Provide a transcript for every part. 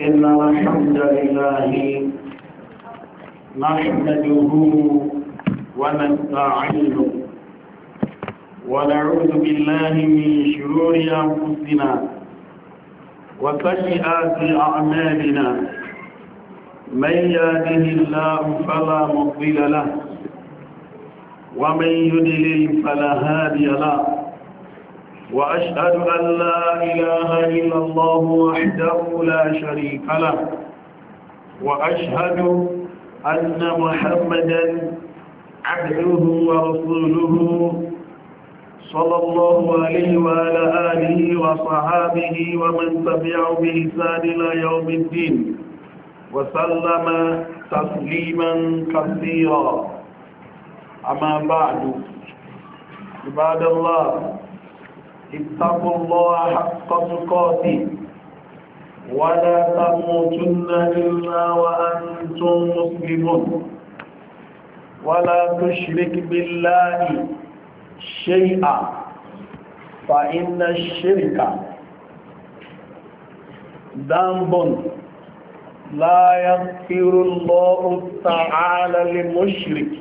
إن الحمد لله نحمده ونستعينه ونعوذ بالله من شرور أنفسنا وسيئات أعمالنا من يهده الله فلا مضل له ومن يدلل فلا هادي له وأشهد أن لا إله إلا الله وحده لا شريك له وأشهد أن محمدا عبده ورسوله صلى الله عليه وعلى آله وصحابه ومن تبعه بإحسان إلى يوم الدين وسلم تسليما كثيرا أما بعد عباد الله اتقوا الله حق تقاته ولا تموتن إلا وأنتم مسلمون ولا تشرك بالله شيئا فإن الشرك ذنب لا يغفر الله تعالى للمشرك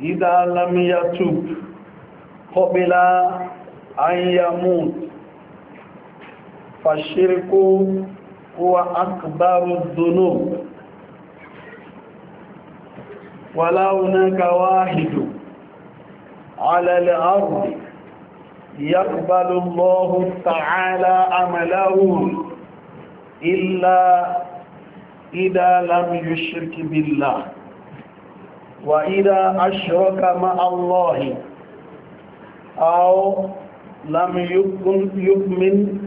إذا لم يتوب قبل ayyamut fashirku huwa akbaru dhunub wala hunaka wahidu ala al-ardi yaqbalu Allahu ta'ala amalahu illa idha lam yushrik billah wa idha ashraka ma Allahi aw لم يكن يؤمن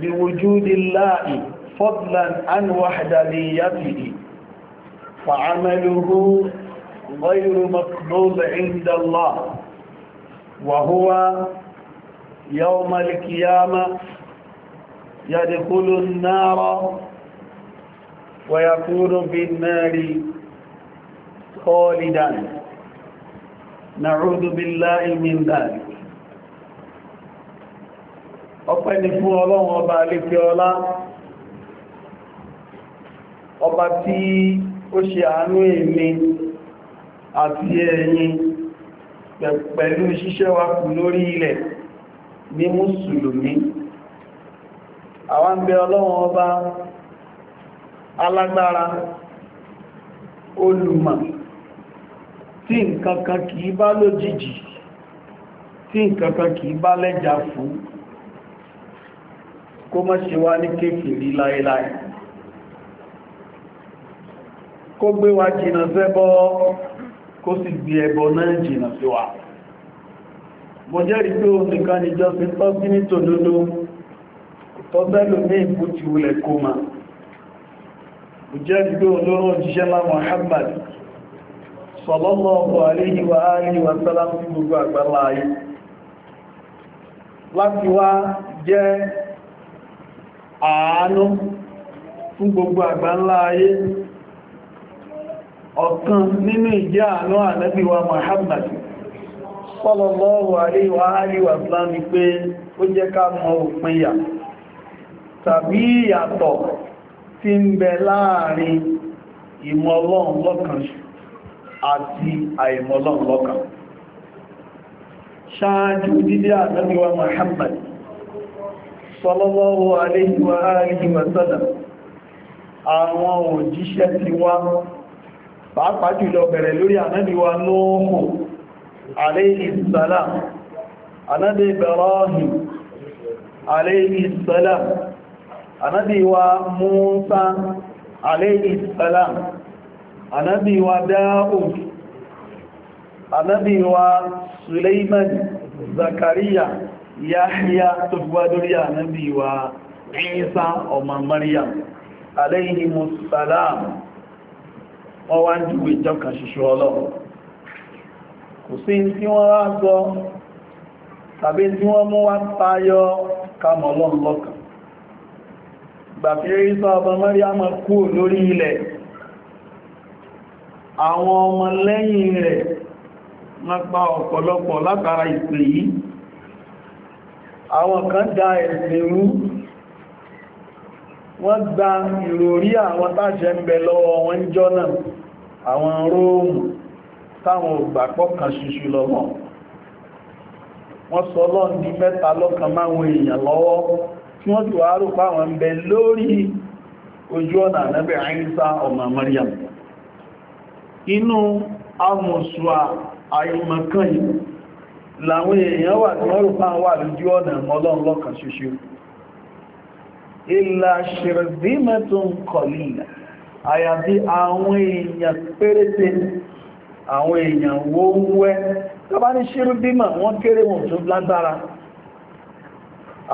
بوجود الله فضلا عن وحدانيته فعمله غير مقبول عند الله وهو يوم القيامة يدخل النار ويكون في النار خالدا نعوذ بالله من ذلك ọpẹ́ ni fún ọlọ́run ọba alékẹ́ ọlá ọba tí ó ṣe àánú èmi àti ẹ̀yìn pẹ̀lú ṣíṣẹ́ wa kù lórí ilẹ̀ ní mùsùlùmí àwọn ń bẹ ọlọ́run ọba alágbára olùmọ̀ tí nkankan kìí bá lójijì tí nkankan kìí bá lẹ́jà fún kó mọ́ ṣe wá ní kéfìrí láíláí kó gbé wa jìnà sẹ́bọ kó sì gbé ẹbọ náà jìnà sí wa mo jẹ́rìí pé o nìkan níjọ́ sí tọ́ sí ní tòdodo tọ́ sẹ́lò ní ìbú ti wulẹ̀ kó ma mo jẹ́rìí pé olóró òjíṣẹ́ lá Muhammad sallallahu alayhi wa wa sallam sí gbogbo àgbàlá ayé láti wá jẹ́ àánú fún gbogbo àgbáńlá ayé ọ̀kan nínú ìjẹ́ àánú ànábì wa Muhammad sallallahu alaihi wa alihi pé ó jẹ́ ká mọ òpinya tàbí ìyàtọ̀ tí ń bẹ láàrin ìmọ̀lọ́n àti àìmọ̀lọ́n lọ́kan ṣáájú dídé ànábì wa sallallahu alayhi wa alihi wa sallam àwọn òjíṣẹ́ ti wá pàápàá jùlọ bẹ̀rẹ̀ lórí ànábì wa Nuhu alayhi salam ànábì Ibrahim alayhi salam ànábì wa Musa alayhi salam ànábì wa Zakariya yáhíyá tó fi wá lórí ànábì wa Ìsá ọmọ Maryam aléyìí musalam wọ́n wá ń júwe ìjọ kan ṣoṣo ọlọ́run kò sí tí wọ́n wá sọ tàbí tí wọ́n mú wá tayọ kamọ̀ lọ́n lọ́kàn gbàfí Ìsá ọmọ Maryam kú lórí ilẹ̀ àwọn ọmọ lẹ́yìn rẹ̀ wọ́n ọ̀pọ̀lọpọ̀ látara ìpè yìí àwọn kan dá ẹ̀sìn rú wọ́n gba ìròrí àwọn táṣẹ ń bẹ lọ́wọ́ jọ náà àwọn róòmù táwọn ògbàpọ̀ kan lọ́wọ́ wọ́n sọ lọ́ndí mẹ́ta lọ́kan máwọn èèyàn lọ́wọ́ tí wọ́n tó àárò páwọn ń láwọn èèyàn wà tí wọ́n rúpa wà lójú ọ̀nà ọlọ́run lọ́kàn ṣoṣo ìlà ṣìrìdímẹ́tún kọ̀lìlà àyàbí àwọn èèyàn péréte àwọn èèyàn wó ń wẹ́ tọ́bá ní ṣìrìdímà wọ́n kéré wọn tún lágbára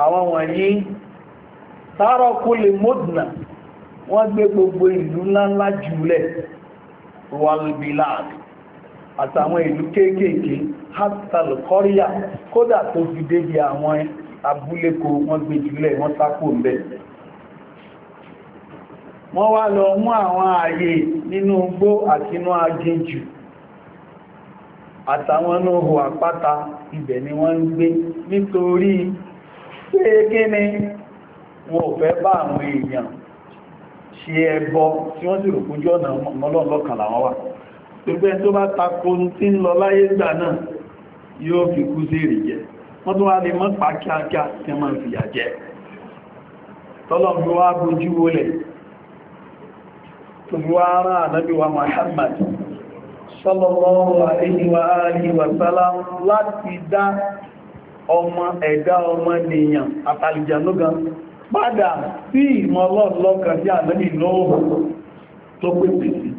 àwọn wọ̀nyí tárọ̀kú lè mọ́dùnà wọ́n gbé gbogbo ìlú ńláńlá jùlẹ̀ wàlbìláàdì àtàwọn ìlú kéékèèké hastal kọ́ríyà kódà tó fi débi àwọn abúléko wọ́n gbé jùlẹ̀ wọ́n sápò ń bẹ̀ wọ́n wá lọ mú àwọn ààyè nínú igbó àtinú aginjù àtàwọn inú ihò àpáta ibẹ̀ ni wọ́n ń gbé nítorí pé kí ni wọn ò fẹ́ bá àwọn èèyàn ṣe ẹbọ tí wọ́n sì rò kójú ọ̀nà mọ́lọ́ọ̀lọ́kàn làwọn wà gbogbo ẹni tó bá tako tí ń lọ láyé ìgbà náà yóò fi kú sí ìrìjẹ wọ́n tó wá lè mọ́ pa kíákíá tí a máa ń fìyà jẹ tọ́lọ̀mí wá bójú wólẹ̀ tó wá rán ànábí wa Muhammad sallallahu alaihi wa alihi wa sallam láti dá ọmọ ẹ̀dá ọmọ nìyàn àtàlìjànúgan padà sí ìmọ̀ ọlọ́ọ̀lọ́kan sí ànábí lọ́wọ́ tó pèsè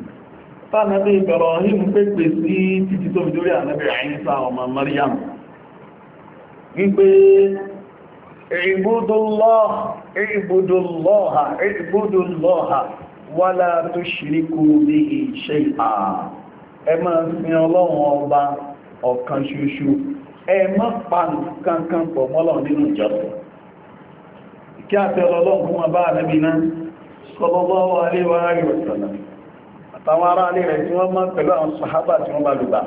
tánàbí Ibrahim pépè sí títí tó fìdórí ànábì Ìsá ọmọ Maryam wípé ìbúdúlọ́ha ìbúdúlọ́ha wala tushriku bihi shay'a ẹ máa sin ọlọ́run ọba ọ̀kan ṣoṣo ẹ má pa kankan pọ̀ mọ́lọ̀ nínú ìjọsìn kí a tẹ́lọ ọlọ́run fún ọba ànábì náà sallallahu alaihi wa sallam tàwọn ará alẹ́ rẹ̀ tí wọ́n mọ́ pẹ̀lú àwọn sàhábà tí wọ́n bá lùgbà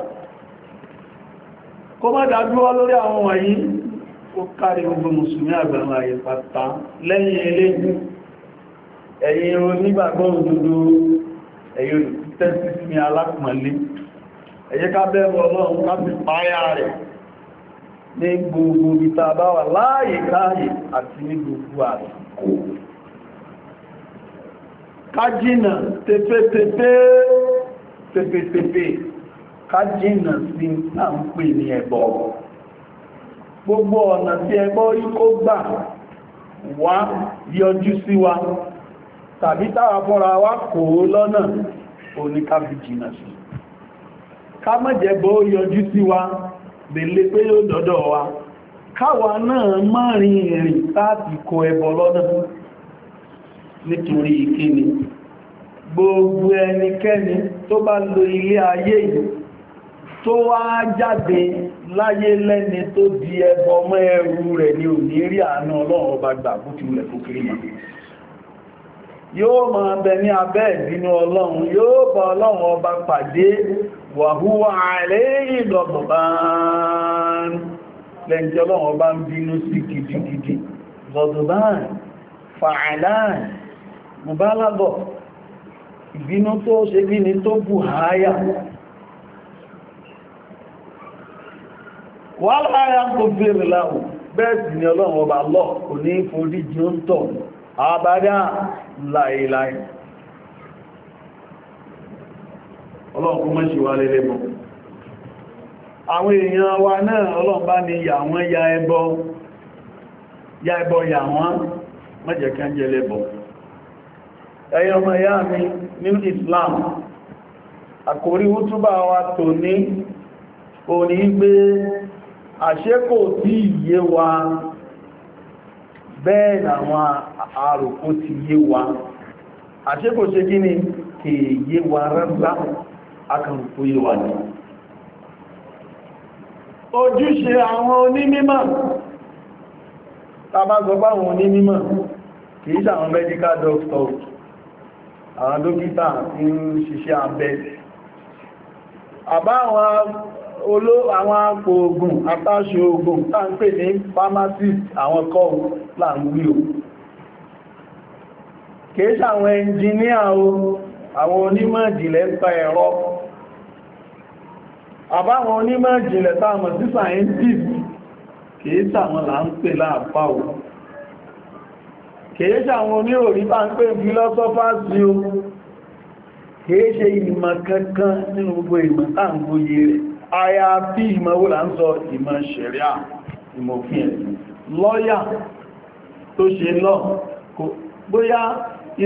kó má dájúwọ́ lórí àwọn wọ̀nyí ó kárí gbogbo mùsùlùmí àgbàmà ayé pàtà lẹ́yìn eléyìn ẹ̀yin onígbàgbọ́ òdodo ẹ̀yin olùtẹ́sí sí alápọ̀nlé ẹ̀yẹ́ ká bẹ̀rù ọlọ́run láti ní gbogbo kájínà tẹfẹ́tẹfẹ́ tẹfẹ́tẹfẹ́ kájínà sí à ń pè ní ẹbọ gbogbo ọ̀nà tí ẹbọ rí kó gbà wá yọjú sí wa tàbí táwa fúnra wa kò lọ́nà oníkàbìjìnà sí ká mọ́jẹ̀bọ́ yọjú sí wa bèlé pé yóò dọ́dọ̀ wa káwa náà mọ́rin ìrìn táàtì kó ẹbọ lọ́nà nítorí ìkíni gbogbo ẹnikẹ́ni tó bá lo ilé ayé yìí tó wá jáde láyé lẹ́ni tó di ẹbọ ọmọ ẹrù rẹ̀ ni ò ní rí àánú ọlọ́run ọba gbà bútúlẹ̀ kókèrè mọ̀ yóò máa bẹ ní abẹ́ ìbínú ọlọ́run yóò bá ọlọ́run ọba pàdé wàhúwà ààrẹ ìlọ̀gbọ̀n lẹ́njẹ́ mùbálágọ̀ ìbínú tó ṣe bí ni tó bù háyà wà láyá ń kò fèrè láhùn bẹ́ẹ̀sì ni ọlọ́run ọba lọ kò ní forí jí ó ń tọ̀ àbádá láìláì ọlọ́run kó mọ́ṣe wà lẹ́lẹ́ mọ́ àwọn èèyàn wa náà ọlọ́run bá ní yà wọ́n ya ẹ̀yọ́ ọmọ ìyá mi nínú Islam àkórí wa tò ní òní gbé àṣẹ́kò tí ìyé wa bẹ́ẹ̀ làwọn àròkó ti yé wa àṣẹ́kò ṣe kí ni kì yé wa rárá akàrùkú yé wa ní ojúṣe àwọn onímímọ̀ tàbá gbọ́gbà àwọn onímímọ̀ kìí sàwọn medical doctor àwọn dókítà tí ń ṣiṣẹ́ abẹ àbá àwọn apò ogun apáṣe ogun tá ń pè ní pharmacist àwọn kọ́ọ̀ là ń wí o kìí ṣàwọn ẹnjìníà o àwọn onímọ̀ ìjìnlẹ̀ ń pa ẹ̀rọ àbáwọn onímọ̀ ìjìnlẹ̀ táwọn sí scientist kìí ṣàwọn là ń pè láàpá o kìí ṣe àwọn oníròrí bá ń pè philosophers ni o kìí ṣe ìmọ̀ kankan nínú gbogbo ìmọ̀ táàgbóyè rẹ̀ àyàfi ìmọ̀ wó là ń sọ ìmọ̀ ṣẹ̀ríà ìmọ̀fin ẹ̀sìn lọ́yà tó ṣe lọ bóyá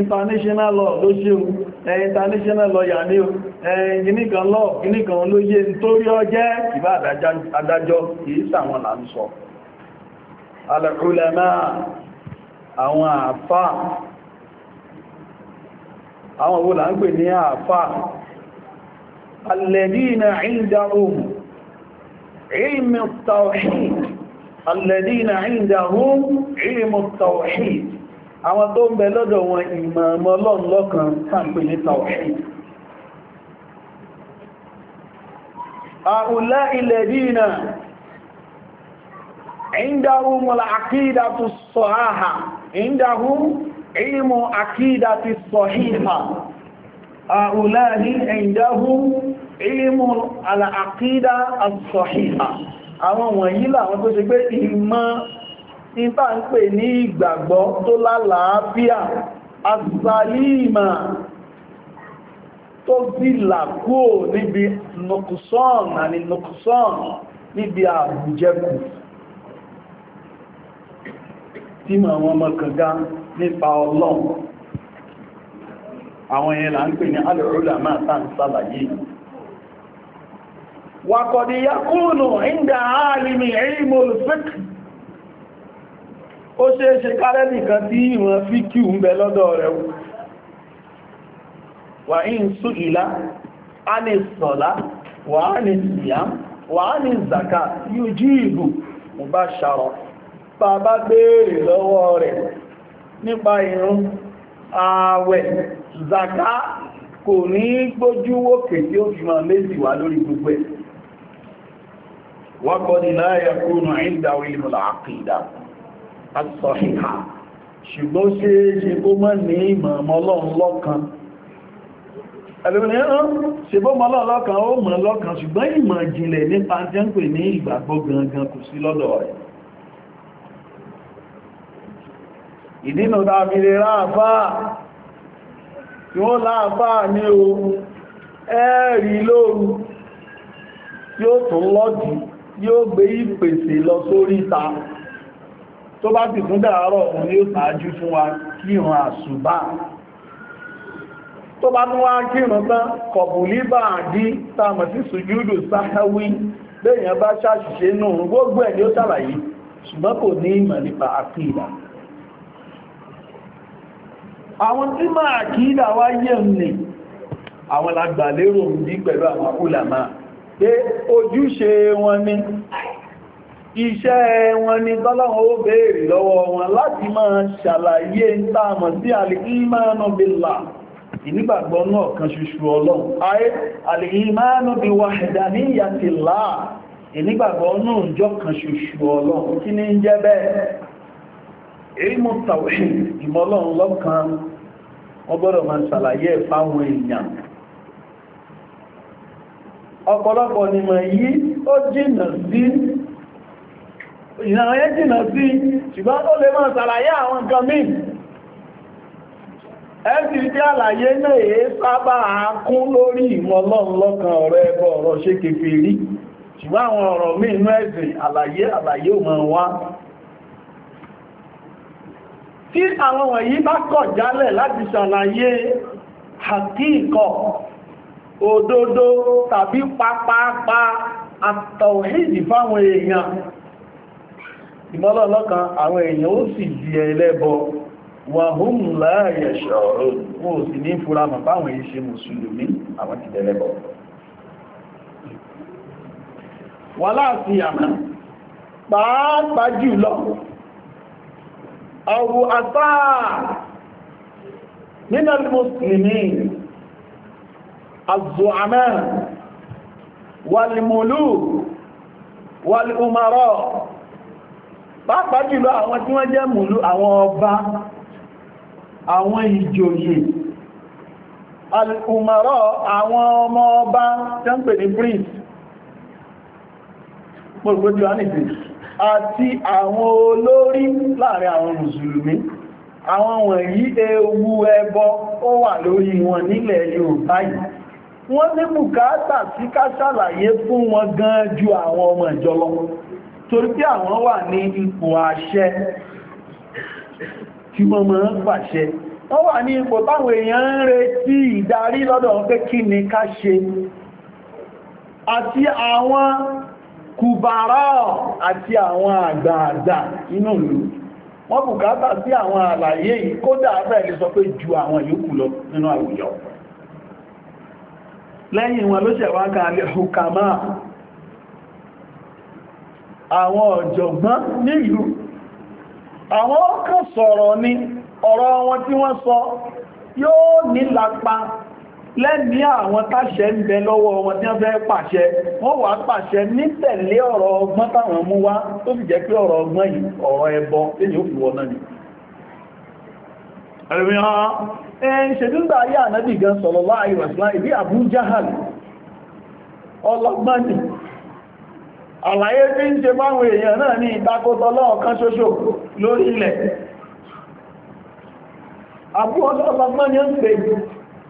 international law ló ṣe o international lawyer ní o gìníkan law gìníkan olóyè nítorí ọjẹ́ ìbá adájọ́ kìí sàwọn là ń sọ àwọn àfà àwọn owó ń pè ní àfà alladina indahum ilmi tawhid àwọn tó ń bẹ lọ́dọ̀ wọn ìmọ̀ ọmọ ọlọ́run lọ́kan tàbí ní tawhid هؤلاء الذين عندهم العقيدة aha. ìndahu ilmu akídàtí sọ̀híhà àúláhí ìndahu ilmu al'akídà sọ̀híhà àwọn wọ̀nyí làwọn tó ṣe pé ìmọ̀ ìbá ń pè ní ìgbàgbọ́ tó lálàáfíà asàlìmà tó sí làkúò níbi nùkùsọ́n àni nùkùsọ́n níbi àbújẹ́kù tí ma wọn mọ́kànlá nípa ọlọ́run àwọn yẹn là ń pè ní alìrúlà máa tàn sálàyé ya yakúnù ìndà alìmì ìmò fíkì ó ṣe é ṣe kárẹ́ nìkan tí ìwọ̀n fíkì ń bẹ lọ́dọ̀ rẹ̀ wà ń sú ìlà a ní sọ̀lá wà ní wà ní zaka yóò jí ìbù mú bá bàbá béèrè lọ́wọ́ rẹ̀ nípa ìrun ààwẹ̀ zaka kò ní gbójú òkè tí ó fi máa méjì wá lórí gbogbo ẹ̀ wọ́kọ́ ni láyẹ̀ kúrò ìdáwò ìlúlà àkìdá asọ̀hìhà ṣùgbọ́n ṣe é ṣe kó mọ́ ní ìmọ̀mọ́ lọ́kan ẹ̀lẹ́mìnira ṣe bó mọ́ lọ́kan ó mọ̀ lọ́kan ìdínà dábìlẹ̀ ráàfáà tí wọ́n láàfáà ní o ẹ́ẹ̀rí lóòrù tí ó tún lọ́dì yóò gbé ìpèsè lọ sórí ìta tó bá ti fún dàárọ̀ òun ni ó tàájú fún wa kíhàn àṣùbá tó bá tún wá kíhàn tán kọ̀bùlíbà àdí tààmà sí sùjúdù sáháwí bẹ́yàn bá ṣàṣìṣe náà gbogbo ẹ̀ ni ó ṣàlàyé ṣùgbọ́n kò ní ìmọ̀ nípa àkídà àwọn tí máa kí ìdáwà yẹ̀ ní àwọn agbàlérò ní pẹ̀lú àwọn akúlàmà pé ojúṣe wọn ni iṣẹ́ wọn ni tọ́lọ́wọ́ ó bèèrè lọ́wọ́ wọn láti máa ṣàlàyé ìtààmọ̀ sí alìkímánù bílà kan ṣoṣo ọlọ́run ilmu tawhid ìmọ̀lọ́run lọ́kan wọ́n gbọ́dọ̀ máa ṣàlàyé fáwọn èèyàn ọ̀pọ̀lọpọ̀ nìmọ̀ yìí ó jìnà sí ìrìnàwó jìnà sí ṣùgbọ́n ó lè máa ṣàlàyé àwọn nǹkan ẹ̀sì tí àlàyé náà èé sábà kún lórí ìmọ̀lọ́run lọ́kan ọ̀rọ̀ ẹbọ ọ̀rọ̀ ṣe kèfèrí ṣùgbọ́n àwọn ọ̀rọ̀ míì àlàyé àlàyé wá tí àwọn wọ̀nyí bá kọ̀ jálẹ̀ láti ṣàlàyé àkíkọ̀ òdòdó tàbí pápápá àtọ̀hìdì fáwọn èèyàn ìmọ́lọ́lọ́kan àwọn èèyàn ó sì di ẹlẹ́bọ wàhún láàyè ṣọ̀rọ̀ wọn sì ní fura mọ̀ fáwọn ṣe mùsùlùmí àwọn ti wà àmà pàápàá àwọn àtàà nínú mùsùlùmí àzọ̀àmẹ́ wàlìmòlú wàlìmọ̀rọ̀ pàápàá jùlọ àwọn tí wọ́n jẹ́ mùlú àwọn ọba àwọn ìjòyè alìmọ̀rọ̀ àwọn ọmọ ọba tẹ́m̀pẹ̀ ní prince pọ̀lùpọ̀lù àti àwọn olórí láàrin àwọn mùsùlùmí àwọn wọ̀nyí ewu ẹbọ ó wà lórí wọn nílẹ̀ Yorùbá yìí wọ́n ní bùkátà sí ká ṣàlàyé fún wọn gan ju àwọn ọmọ ìjọ lọ torí pé àwọn wà ní ipò àṣẹ tí wọ́n máa pàṣẹ wọ́n wà ní ipò táwọn èèyàn ń retí ìdarí lọ́dọ̀ pé kí ni ká ṣe àti àwọn kùbàrá àti àwọn àgbààgbà inú ìlú wọ́n bùkátà sí àwọn àlàyé yìí kódà abẹ́ẹ̀lẹ́ sọ pé ju àwọn yòókù lọ nínú àwùjọ lẹ́yìn wọn ló ṣẹ̀wá kan alẹ́ hukama àwọn ọ̀jọ̀gbọ́n nílùú àwọn kan sọ̀rọ̀ ni ọ̀rọ̀ wọn tí wọ́n sọ yóò nílapa lẹ́ni àwọn táṣẹ ń bẹ lọ́wọ́ wọn tí wọ́n fẹ́ pàṣẹ wọ́n wà pàṣẹ ní ọ̀rọ̀ ọgbọ́n táwọn mú tó fi jẹ́ pé ọ̀rọ̀ ọgbọ́n yìí ọ̀rọ̀ ẹbọ tí ó fi wọ́n náà ni ṣèdúgbà ayé ànábì gan sọ̀rọ̀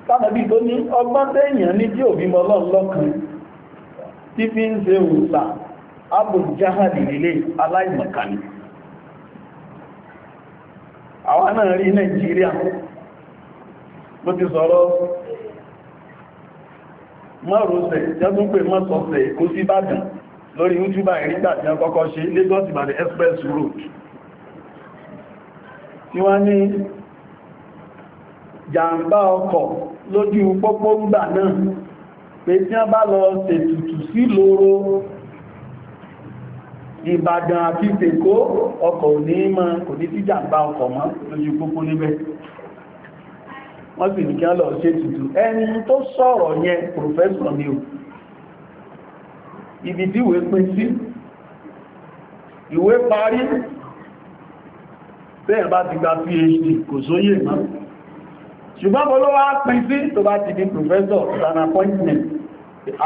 tánàbí tó ní ọgbọ́n tẹ́yàn ní tí òbí mọ́lọ́lọ́kan tí fi ń ṣe òòsà abùjáhàdì nílé aláìmọ̀kàní àwọn náà rí nàìjíríà bó ti sọ̀rọ̀ mọ́rọ̀sẹ̀ jẹ́tún pé mọ́sọ̀sẹ̀ kó sí lórí youtube ìrígbà tí a kọ́kọ́ Lagos Ìbàdàn express road tí wọ́n ní lójú pópó ńgbà náà pé tí wọ́n bá lọ tètùtù sí lóró ìbàdàn àti tèkó ọkọ̀ òní mọ́ kò ní tíjàmbá ọkọ̀ mọ́ lójú pópó níbẹ̀ wọ́n sì ní kí wọ́n lọ ṣe tùtù ẹni tó sọ̀rọ̀ yẹn pòfẹ́sọ̀ ni o ibi tí ìwé pín sí ìwé parí bẹ́ẹ̀ bá ti gba phd kò sóyè náà ṣùgbọ́n bọ́ ló wá pín sí tó bá ti di professor an appointment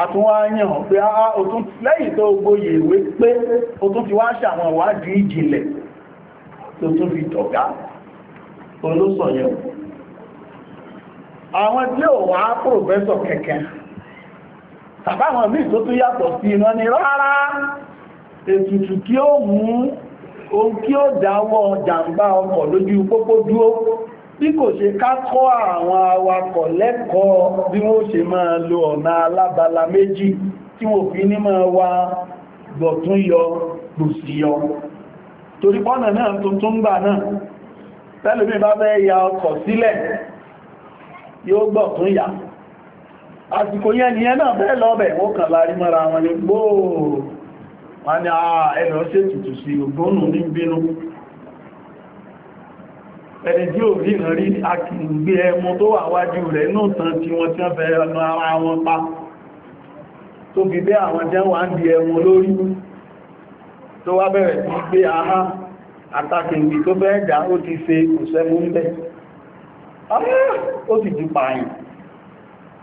àtúnwáyàn pé a ah, òtún ah, lẹ́yìn tó gboyè ìwé pé ó tún ti wá ṣàwọn ìwádìí ìjìnlẹ̀ tó tún fi tọ̀gá olóṣọ̀yẹ̀ àwọn tí ó wá professor kẹ̀kẹ́ tàbáwọn míì tó tún yàtọ̀ sí iná ni rárá ètùtù kí ó mú ohun kí ó dáwọ́ jàǹbá ọkọ̀ lójú pópó dúó bí kò ṣe ká kọ́ àwọn awakọ̀ lẹ́kọ̀ọ́ bí wọ́n ṣe máa lo ọ̀nà alábala méjì tí wọ́n fi ní máa wá gbọ̀tún yọ gbòsì yọ torí pọ́nà náà tuntun gbà náà tẹ́lùmí bá fẹ́ ya ọkọ̀ sílẹ̀ yóò gbọ̀tún yà àsìkò yẹn ni ẹ̀nà bẹ́ẹ̀ lọ́bẹ̀ wọ́n kàn lárí mọ́ra wọn ni gbóòrò wọn ni àà ẹ̀rọ ṣètùtù sí ògbónù ní bínú ẹni tí ò rí ìrìn rí akìgbé ẹmọ tó wà wájú rẹ̀ inú tàn tí wọ́n tí wọ́n fẹ́ ẹnu ara wọn pa tó fi bẹ́ àwọn jẹ́ wà ń di ẹmọ lórí tó wá bẹ̀rẹ̀ sí gbé ahá àtàkìgbì tó bẹ́ẹ̀ dá ó ti ṣe òṣẹ́mú ń bẹ́ ah, ó sì ti pààyàn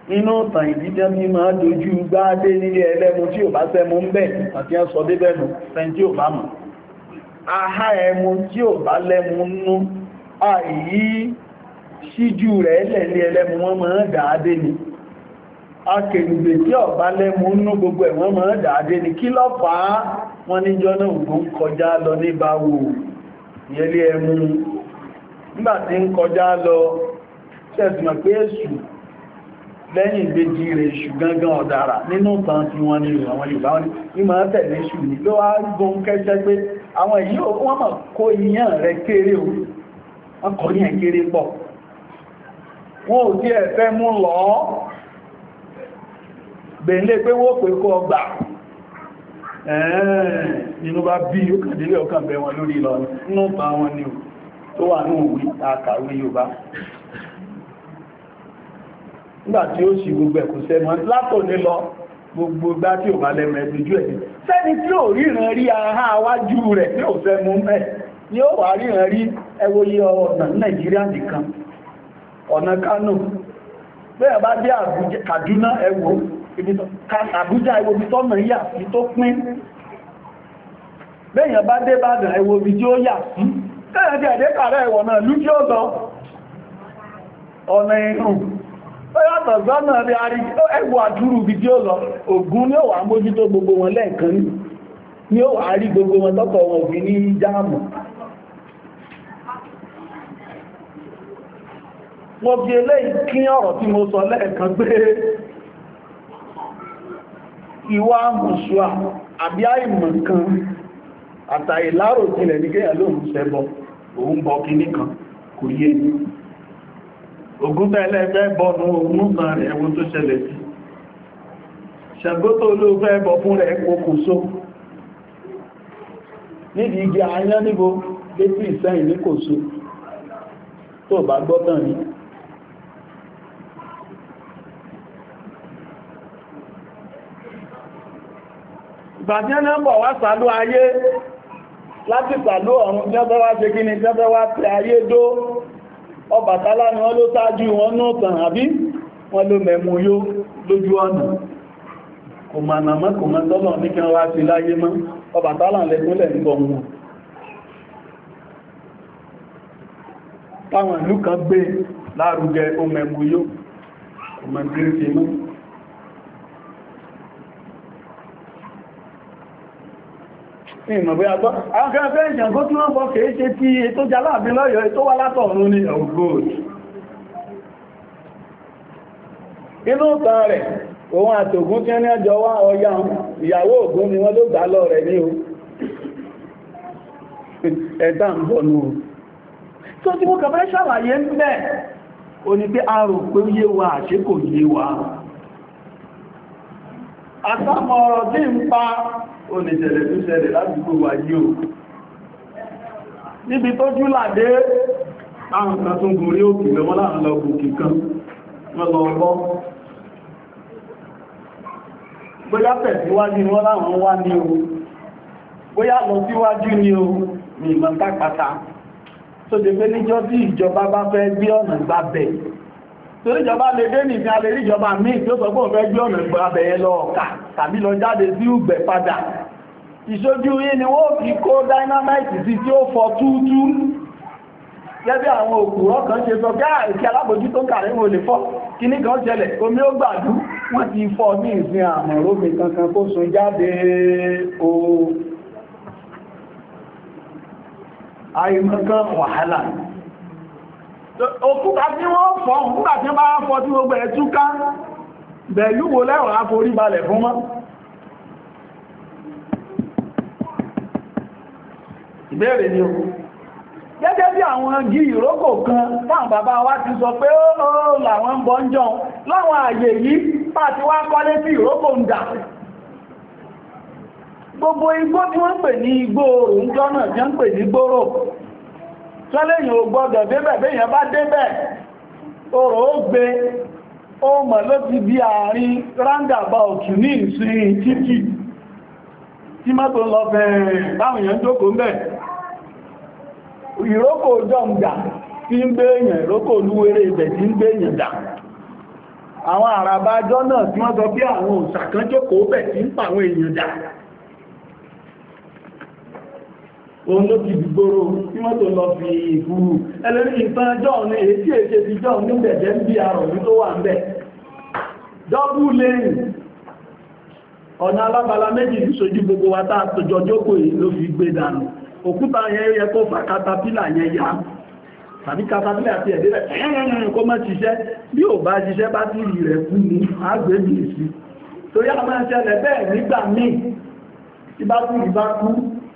nínú tàn ìdíjẹ́ ní máa dojú gbáadé nílé ẹlẹ́mu tí ò bá sẹ́mu ń bẹ̀ àti ẹ́ sọ débẹ̀nù fẹ́ tí ò bá mọ̀ ahá ẹmu tí ò bá lẹ́mu nú àìyí síjú rẹ̀ lẹ̀lẹ́ ẹlẹ́mu wọ́n máa dáadé ni akèrùgbè tí ọ̀bá lẹ́mu nú gbogbo ẹ̀ wọ́n máa dáadé ni kí ló fà á wọ́n níjọ́ náà tó ń kọjá lọ ní báwò yẹlé ẹmu nígbà tí ń kọjá lọ tẹ́sìmọ̀ pé èṣù lẹ́yìn ìbejì rẹ̀ èṣù gangan ọ̀dàrà nínú tàn tí wọ́n ní àwọn Yorùbá wọn ní máa tẹ̀lé èṣù ní ló wá gbóhun kẹ́ṣẹ́ pé àwọn èyí wọ́n mọ̀ kó iyán rẹ̀ kéré òun ní ẹ̀kiri pọ̀ wọ́n ò tí ẹ̀fẹ́ mú lọ bèèlé pé wó pé kó ọgbà ẹ̀ẹ́n inú bá bí ó wọn lórí lọ nínú pa wọn ni tó wà ní òwe àkàwé Yorùbá ó gbogbo ẹ̀kù látò ní lọ gbogbo gbá tí ò bá sẹ́ni tí ò ríran rí ahá wájú rẹ̀ tí ò ni ó wà ríran ẹwòye ọ̀nà Nàìjíríà nìkan ọ̀nà Kano bẹ́ẹ̀ bá dé Kàdúná ẹwò Àbújá ẹwò bí tọ́nà yà sí tó pín bèèyàn bá dé dà ẹwò bí tí ó yà sí hmm? tẹ́yàn tí ẹ̀dẹ́ ẹwọ̀ náà lú tí ó lọ ọ̀nà gbogbo wọn lẹ́ẹ̀kan ní ó gbogbo wọn tọ́kọ̀ wọn òfin ní mo bí eléyìí kí ọ̀rọ̀ tí mo sọ lẹ́ẹ̀kan pé ìwà mùsùà àbí àìmọ̀ kan àtàì lárò tilẹ̀ ní kéyà ló ń ṣẹbọ òun bọ kíní kan kò yé ní ògúnbẹ̀lẹ̀ fẹ́ bọnu oúnjẹ rẹ̀ ẹwọ tó ṣẹlẹ̀ sí ṣàgbótó olóò fẹ́ fún rẹ̀ kòkòsó nídi igi ayán níbo létí ìsẹ́yìn ní gbàjẹ́ náà bọ̀ wá sàlú ayé láti sàlú ọ̀run jẹ́bẹ́ wá ṣe kíni jẹ́bẹ́ wá tẹ ayé dó Ọbàtálá ni wọ́n ló sáájú wọn náà tàn àbí wọ́n ló mẹ̀mú yó lójú ọ̀nà kò mànà mọ́ kò mọ́ tọ́lọ̀ ní kí wọ́n wá sí láyé mọ́ Ọbàtálá lẹ́kúnlẹ̀ ń bọ̀ wọn táwọn ìlú kan gbé lárugẹ ó mẹ̀mú yó kò mẹ̀mú ìmọ̀bí agbọ́. Àwọn kan fẹ́ tí wọ́n bọ́ kèé ṣe tí ètò jaláàbí lọ́yọ̀ ètò wà látọ̀run ní ọgbọ́d. Oh, Inú kan rẹ̀, òun àtògún tí ní wá ọya ìyàwó ògún ni wọ́n ló gbà lọ rẹ̀ ní o. ń bọ̀ a ó lè ṣẹlẹ̀ tó ṣẹlẹ̀ láti kó wà yíò níbi tó jú làdé àwọn kan tó ń gorí òkè lọ́wọ́ láàrín lọ gòkè kan lọ́lọ́ ọgbọ́ bóyá tẹ̀síwájú ni wọ́n láwọn wá ní o bóyá lọ síwájú ni o ní ìmọ̀ tápàtà tó jẹ́ pé níjọ́ tí ìjọba bá fẹ́ gbé ọ̀nà gbábẹ̀ toríjọba lè dé nìsí a lè ríjọba míì tí ó sọ pé òun fẹ́ gbé ọ̀nà ìgbà abẹ̀yẹ lọ ọ̀kà tàbí lọ jáde sí ùgbẹ̀ padà ìṣojú yìí ni wọ́n fi kó dynamite sí tí ó fọ́ túútú gẹ́gẹ́ àwọn òkúrọ́ kan ṣe sọ gáà ìkẹ́ ah, alábòjútó kàrẹ́ wọn lè fọ́ kíní kan ṣẹlẹ̀ omi ó gbàdú wọ́n ti fọ́ ní ìsìn àmọ̀ rómi kankan kó sun jáde ooo àìmọ̀kan wàhálà òkúta tí wọ́n fọ́ òkúta tí bá fọ́ tí gbogbo ẹ̀ túká bẹ̀lú wo lẹ́wọ̀n àforí balẹ̀ fún mọ́ ìbéèrè ni o gẹ́gẹ́ bí àwọn gí ìrókò kan táwọn bàbá wa ti sọ pé ó làwọn ń bọ́ ń jọ láwọn àyè yìí pàtí wá kọ́lé sí ìrókò ń dà gbogbo igbó tí wọ́n pè ní igbó òrùn jọ jẹ́ ń pè ní gbóró sele ò gbọ́dọ̀ débẹ̀ bẹ́yàn bá débẹ̀ orò ó gbé ó mọ̀ ló ti bí àárín rándàbà òtù ní ìsìn títì tí mọ́tò lọ bẹ̀rẹ̀ àwọn àràbájọ́ náà tí wọ́n sọ òun ló ti gbogbo tí wọ́n tó lọ fi ìfúrú ẹlẹ́rí ìtàn ẹjọ́ ní èsì èsì ti jọ ní bẹ̀jẹ̀ ń bí arọ̀ ní tó wà ń bẹ̀ dọ́bù lẹ́yìn ọ̀nà alábala méjì ìṣojú gbogbo wa tá àtòjọ jókòó yìí ló fi gbé dànù òkúta yẹn yẹ kó fa katapila yẹn yá tàbí katapila àti ẹ̀dẹ́rẹ̀ ẹ̀rẹ̀rẹ̀ kó má ṣiṣẹ́ bí ò bá ṣiṣẹ́ bá ti rì rẹ̀ kú ni àgbẹ̀mí sí torí àwọn ẹ̀ṣẹ̀lẹ̀ bẹ́ẹ̀ nígbà míì tí bá kú ìbá kú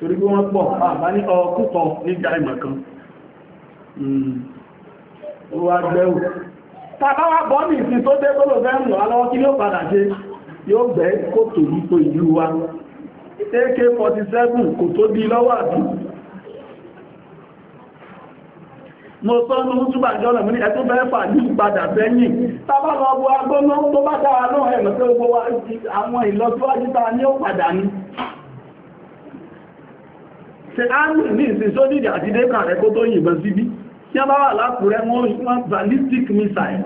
torí bí wọ́n pọ̀ àbá ní ọkúkọ nígbà ìmọ̀ kan hmm. ó wá gbẹ́wò tàbá wá bọ́ ní ìsìn tó dé gbọ́lọ̀ fẹ́ mọ̀ alọ́wọ́ kí ló padà ṣe yóò gbẹ́ kó tò ní tó ìlú wa AK-47 kò tó di lọ́wọ́ àbí mo sọ ní mútúbà jọ́nà mú ní ẹ̀tún bẹ́ẹ̀ fà ní ìpadà bẹ́yìn tàbá lọ bọ́ agbóná tó bá dára náà ẹ̀mọ̀ tó gbówá àwọn ìlọsíwájú ta ní ó padà ní ṣe ámì ní ìsìn sódìdì àti dẹ́kà rẹ̀ kó tó yìnbọn síbí tí a bá wà lápùrẹ́ wọ́n ballistic missile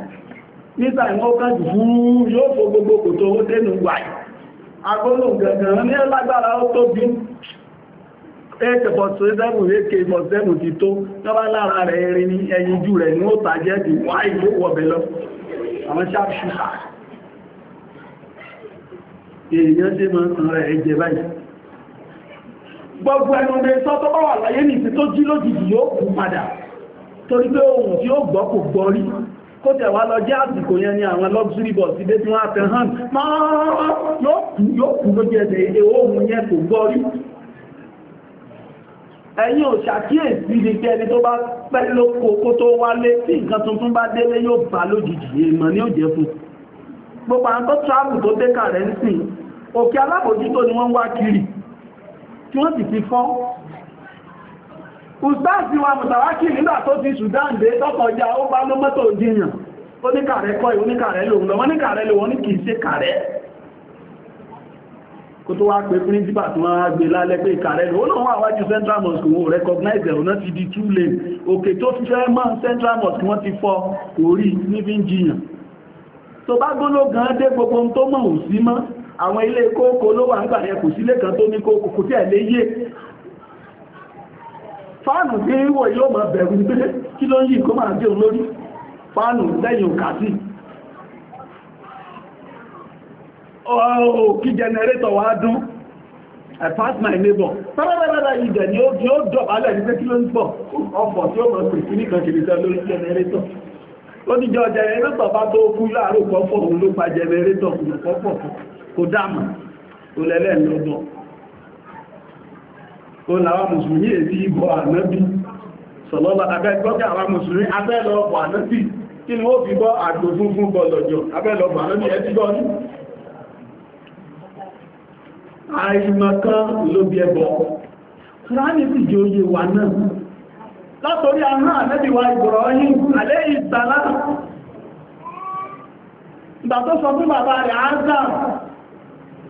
missile wọ́n kàn jù fún yóò fò gbogbo kò tó ó dénú wáyé agbóhùn gẹ̀gẹ̀rẹ̀ ní lágbára ó tó bí 8.7 ti tó lọ́bá lára rẹ̀ erin ní ẹyin jù rẹ̀ ní ó tàjẹ́ ti wáyé ló gbogbo ẹnu rẹ̀ sọ tó bá wà láyé nìsí tó jí lójijì yóò kú padà torí pé ohun tí ó gbọ́ kò gbọ́ rí kó tẹ̀ wá lọ jẹ́ àsìkò yẹn ni àwọn luxury bus ti dé tí wọ́n àtẹ̀ hàn yóò kú lójú ẹsẹ̀ èdè ohun yẹn kò gbọ́ rí ẹ̀yin ò ṣàkíyèsí ní ni wọ́n wá tí wọ́n ti fi fọ́ ustazi wa mùsàwákì nígbà tó ti Sudan dé tọ́kọjá ó bá ló mọ́tò jíyàn oníkàrẹ́ kọ́ oníkàrẹ́ lòun lọ oníkàrẹ́ lòun ní kìí ṣe kàrẹ́ kó tó wá pé príncipà tó wá gbé lálẹ́ pé ìkàrẹ́ lòun lòun wà wájú Central Mosque wọn recognize ẹ̀ ọ̀nà ti di two lane òkè tó fi fẹ́ mọ́ Central Mosque wọ́n ti fọ́ orí níbi jíyàn tó bá gbólógan dé gbogbo tó mọ̀ òsí mọ́ àwọn ilé kókó ló wà kò sílé kan tó ní kókó kò tí ẹ̀ lé yé tí wọ̀ yóò bẹ̀rù pé kí ló ń yí kó máa jẹun lórí fáànù lẹ́yìn òkà sí kí jẹnẹrétọ̀ wá dún I pass my neighbor. Tọ́lọ́lọ́lọ́lọ́ ìdẹ̀ ni ó bí ó dọ̀ alẹ́ ní pé kí ló ń pọ̀ ọkọ̀ tí ó pè sí jọ jẹnẹrétọ̀ bá kò dáàmù ó lẹ́lẹ́lọ́gbọ̀n ó làwọn mùsùlùmí èdè ìbò ànábì sọ̀lọ́lá abẹ́gbọ́gbẹ́ àwọn mùsùlùmí abẹ́lọ́pọ̀ ànábì kí ni ó fi bọ́ àgbò funfun bọ̀lọ̀jọ̀ abẹ́lọ́pọ̀ ànábì ẹ Ìgbà tó sọ fún bàbá rẹ̀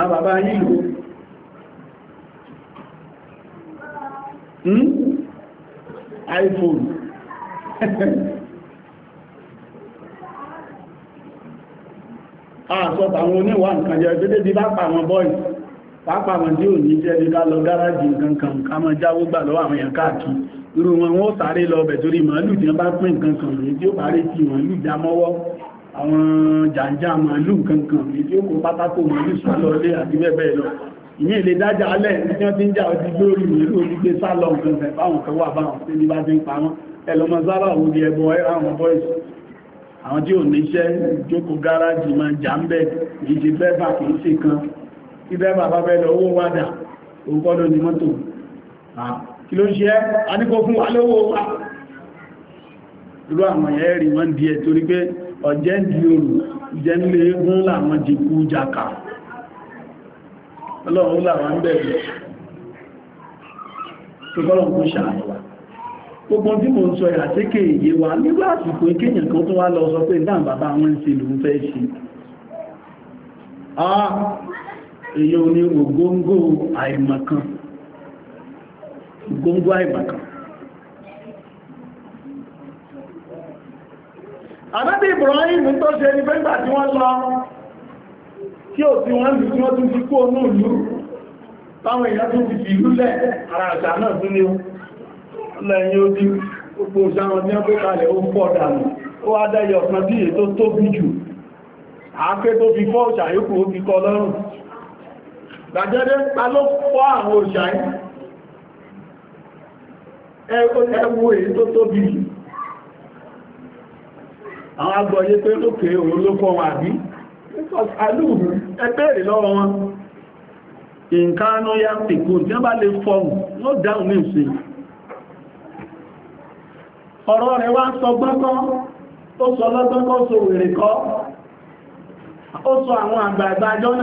àwọn bàbá yìí lò hmm? iPhone àṣọ́ta ah, àwọn oníwà nǹkan jẹ́ dédé bí bá pa àwọn bọ́ì pápá àwọn tí ò ní jẹ́ bí ká lọ gáràjì nǹkan kan ká mọ́ jáwó gbà lọ́wọ́ àwọn èèyàn káàkiri irú wọn wọ́n sáré lọ bẹ̀ torí màálù tí wọ́n bá pín nǹkan kan rèé tí ó parí tí wọ́n lù já mọ́wọ́ àwọn jàǹjà màálù kankan ìdí ó kó pátákó màálù sálọ ilé àti bẹ́ẹ̀ lọ ìyẹn ilé dájà alẹ́ ìjọ tí ń jà ọdí lórí ìlú olùgbé sálọ nǹkan fẹ̀fáwọn kan wà báwọn tí ní bá ti ń pa wọn ẹlọmọ sára àwọn obì ẹbọ àwọn boys àwọn tí ò níṣẹ́ ìjókòó gáràjì máa ń jà ń bẹ̀ kìí ṣe bẹ́ẹ̀bà kìí ṣe kan kí bẹ́ẹ̀bà bá bẹ́ẹ̀ lọ owó wádà òkọ́ ló ní mọ́tò kí ló ṣe ọ̀jẹ́ di orù ìjẹ́nlẹ̀ egun láwọn jìkú jàkà ọlọ́run láwọn bẹ̀rẹ̀ tó kọ́lọ̀ kún ṣàlọ́wà gbogbo tí mo ń sọ ìràtíkẹ̀ èyí wa nígbà àsìkò ìkéyàn kan tó wá lọ sọ pé dáà bàbá wọn ń ṣe lòun fẹ́ ṣe àà èyí ò ní ògóngó àìmọ̀kan ànábì Ibrahim tó ṣe ní pẹ́gbà tí wọ́n lọ kí ò sí wọ́n lù tí wọ́n tún ti kú onú ìlú táwọn èèyàn tún ti fi lúlẹ̀ ara àṣà náà tún ní lẹ́yìn ó di gbogbo ìṣàwọn ní ọkọ̀ kalẹ̀ ó pọ̀ dànù ó wá dẹ́yẹ ọ̀kan bí èyí tó tóbi jù àáké tó fi fọ́ òṣàyókù ó fi kọ lọ́rùn gbàjẹ́dẹ́ ta ló fọ́ àwọn òṣàyí ẹwọ èyí tó àwọn agbọ̀nyé pé lókè òun ló kọ́ wọn àbí alúhù ẹgbẹ́rẹ̀ lọ́wọ́ wọn ìǹkanú ya pèkó tí wọ́n bá lè fọ́hùn ló dáhùn ní ìsìn ọ̀rọ̀ rẹ̀ wá sọ gbọ́gbọ́n ó sọ lọ́gbọ́gbọ́ sọ wèrè kọ́ ó sọ àwọn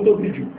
ọ̀rọ̀ sọ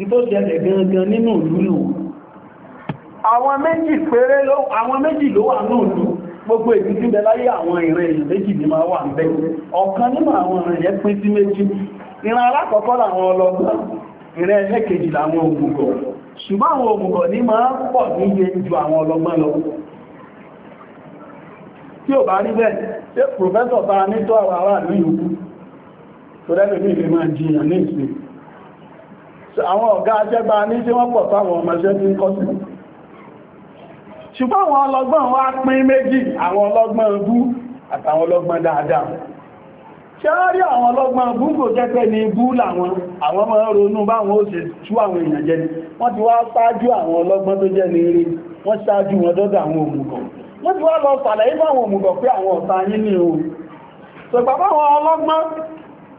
ìtó ṣẹlẹ̀ gangan nínú ìlú àwọn méjì péré ló àwọn méjì ló wà ní ìlú gbogbo ìlú tí bẹ láyé àwọn ìran èèyàn méjì ní máa wà ń bẹ ọ̀kan nínú àwọn ìran yẹn pín sí méjì ìran alákọ̀ọ́kọ́ làwọn ọlọ́gbọ́n ìran ẹlẹ́kejì làwọn òmùgọ̀ ṣùgbọ́n àwọn òmùgọ̀ ní máa ń àwọn ọ̀gá ajẹ́gba ní tí wọ́n pọ̀ táwọn ọmọṣẹ́ ní kọ́sí ṣùgbọ́n àwọn ọlọ́gbọ́n wá pín méjì àwọn ọlọ́gbọ́n bú àtàwọn ọlọ́gbọ́n dáadáa ṣe á rí àwọn ọlọ́gbọ́n bú kò jẹ́pẹ́ ní bú làwọn àwọn ọmọ ronú báwọn ó ṣe tú àwọn èèyàn jẹ wọ́n ti wá ṣáájú àwọn ọlọ́gbọ́n tó jẹ́ ní eré wọ́n ṣáájú wọn dọ́dọ̀ àwọn òmùgọ̀ wọ́n ti wá lọ sàlẹ̀ ìbáwọn òmùgọ̀ pé àwọn ọ̀tá yín ní o ṣùgbọ́n àwọn ọlọ́gbọ́n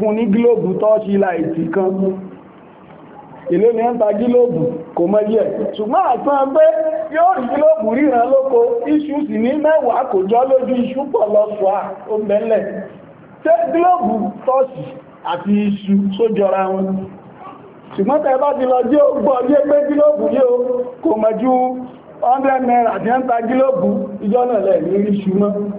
fún ní gílòbù tọ́ọ̀ṣì láìtì kan ilé ni ń ta gílòbù kò mọ yẹ ṣùgbọ́n àtàn pé yóò rí gílòbù ríran lóko iṣu sì ní mẹ́wàá kò jọ lójú iṣu pọ̀ lọ́sọ̀ gílòbù 100 naira ń ta gílòbù náà lẹ̀ ní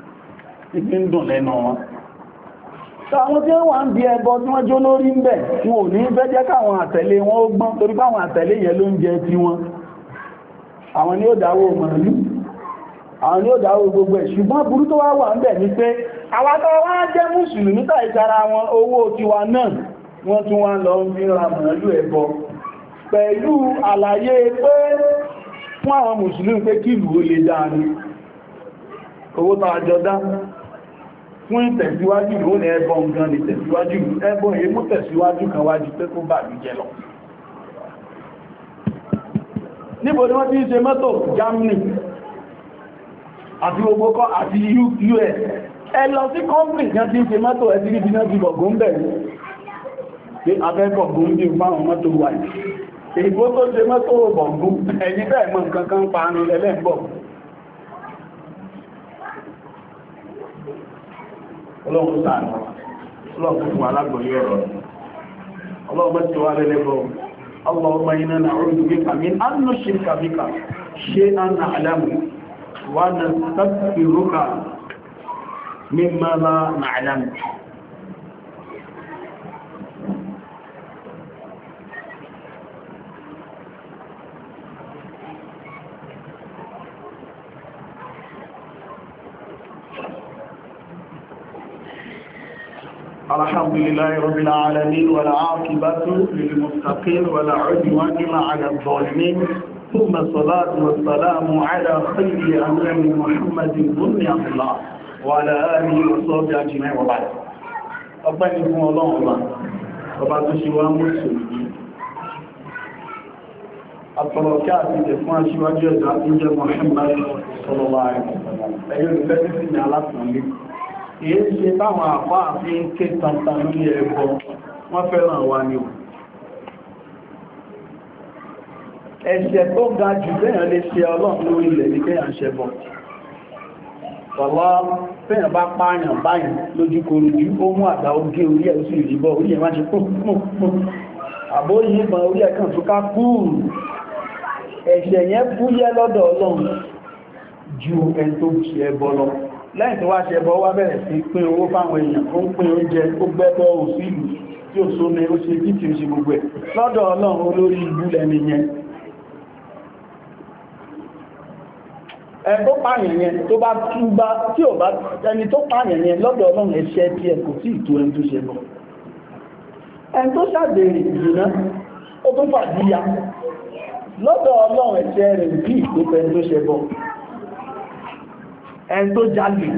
ìpín ń dùn lẹ́nu wọn àwọn tí wọ́n ń bí ẹbọ tí wọ́n jó lórí ń bẹ̀ wọn ò ní fẹ́ jẹ́ káwọn àtẹ̀lé wọn ó gbọ́n torí báwọn àtẹ̀lé yẹn ló ń jẹ ti wọn àwọn ni ó dáwó màálù àwọn ni ó dáwó gbogbo ẹ̀ ṣùgbọ́n burú tó wá wà ń bẹ̀ ni pé àwátọ́ wá jẹ́ fún ìtẹ̀síwájú ìlú ní ẹbọn gan ní tẹ̀síwájú ẹbọn èyí mú tẹ̀síwájú kan wájú pé kó bà ní jẹ lọ níbo ni wọ́n ti ń ṣe mọ́tò Germany àti gbogbo kọ́ àti US ẹ lọ sí company kan ti ti ṣe mọ́tò bọ̀gún ẹ̀yí bẹ́ẹ̀ mọ́ ọlọ́run sàánù ọlọ́run fún alágbòye ọ̀rọ̀ ọlọ́run tí wà lẹ́lẹ́gbọ́ ọlọ́run iná na orílẹ̀ bíkà mi a nù ṣe kàbíkà ṣe a nà àdámù wà nà sáfìrúkà mímọ́ nà àdámù الحمد لله رب العالمين والعاقبة للمتقين ولا عدوان على الظالمين ثم الصلاة والسلام على خير أمام محمد بن عبد الله وعلى آله وصحبه أجمعين وبعد ọpẹ́ ni fún الله ọba ọba tó ṣe wá mú ìṣòlùmí àtọ̀lọ̀kẹ́ àti ìdẹ̀ fún aṣíwájú ẹ̀dà tó jẹ́ Muhammad sọ́lọ́wà ẹ̀yọ́ èé ṣe táwọn àpá àfi ń ké tanta lórí ẹ̀bọ wọ́n fẹ́ràn wa ni o ẹ̀ṣẹ̀ tó ga jù lẹ́yìn lè ṣe ọlọ́run lórí ilẹ̀ ní kéyàn ṣẹbọ tọ́lọ́ fẹ́yàn bá pààyàn báyìí lójúkorojú ó mú àdá ogé orí ẹ̀ sí ìrìbọ̀ orí ẹ̀ má ṣe pọ́pọ́pọ́ àbó yìnbọn orí ẹ̀kàn tó ká kúrù ẹ̀ṣẹ̀ yẹn fúyẹ́ lọ́dọ̀ ọlọ́run ju ẹni tó ṣe ẹbọ lọ lẹ́yìn tó wá ṣe ẹbọ wá bẹ̀rẹ̀ sí pín owó fáwọn èèyàn ó ń pín oúnjẹ ó gbẹ́bọ́ òsìlú tí ó só ní ó ṣe kí tí ó ṣe gbogbo ẹ̀ lọ́dọ̀ ọlọ́run olórí ìlú lẹ́ni yẹn ẹ̀kọ́ pààyàn yẹn tó bá túbá tí ò bá ẹni tó pààyàn yẹn lọ́dọ̀ ọlọ́run ẹ̀ṣẹ̀ tí ẹ kò tí ìtò ẹni tó ṣe bọ̀ rẹ̀ bí ìtò tó ṣe bọ̀ ẹni tó jalè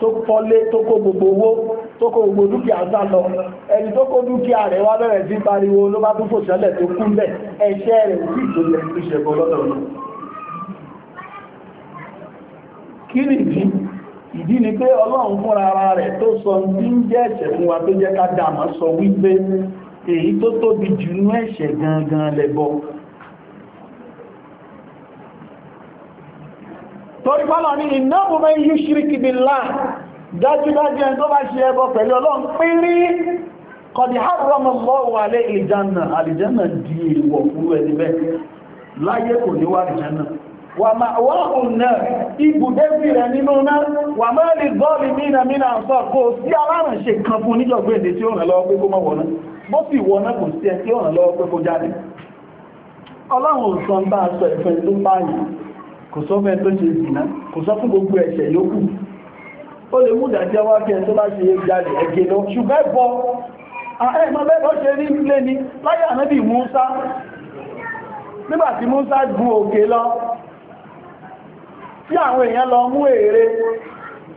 tó kọ́lé tó kó gbogbo owó tó kó gbogbo dúkìá sá lọ ẹni tó kó dúkìá rẹ̀ wá bẹ̀rẹ̀ sí pariwo ló bá tún fò tó kúnlẹ̀ ẹ̀ṣẹ̀ rẹ̀ ìdí ni pé ọlọ́run fúnra ara rẹ̀ tó sọ ní jẹ́ ẹ̀ṣẹ̀ fún wa tó jẹ́ ká dàmọ́ sọ wípé èyí tó tóbi jù ní ẹ̀ṣẹ̀ gangan lẹ́bọ̀ọ́ torí pálọ̀ ní innahu man yushrik billah dájúdájú ẹni tó bá ṣe ẹbọ pẹ̀lú ọlọ́run pínrí kọ̀dí harrama Allahu alayhi al-janna àlìjánà di ìwọ̀ fún ẹni bẹ́ẹ̀ láyé kò ní wà àlìjánà wà máa wà ọ̀nà ibùdé sí rẹ̀ nínú náà wà máa lè gọ́ọ̀lì mínà mínà sọ kó sí alárànṣe kan fún níjọ̀gbé mọ́ wọ̀ná bó kò sí ẹ tí ó lọ́wọ́ pé jáde ọlọ́run sọ ń bá aṣọ ìfẹ́ tó báyìí kò sọ fẹ́ tó ṣe ìsìnà kò sọ fún gbogbo ẹ̀ṣẹ̀ yókù ó lè mú ìdájẹ́ wá kí ẹ tó bá ṣe jáde ẹ̀gẹ̀ lọ ṣùgbọ́n ẹ̀bọ ẹ̀mọ́ bẹ́ẹ̀ ṣe rí lé ní láyé ànábì Músá nígbàtí Músá gun òkè lọ tí àwọn èèyàn lọ mú èrè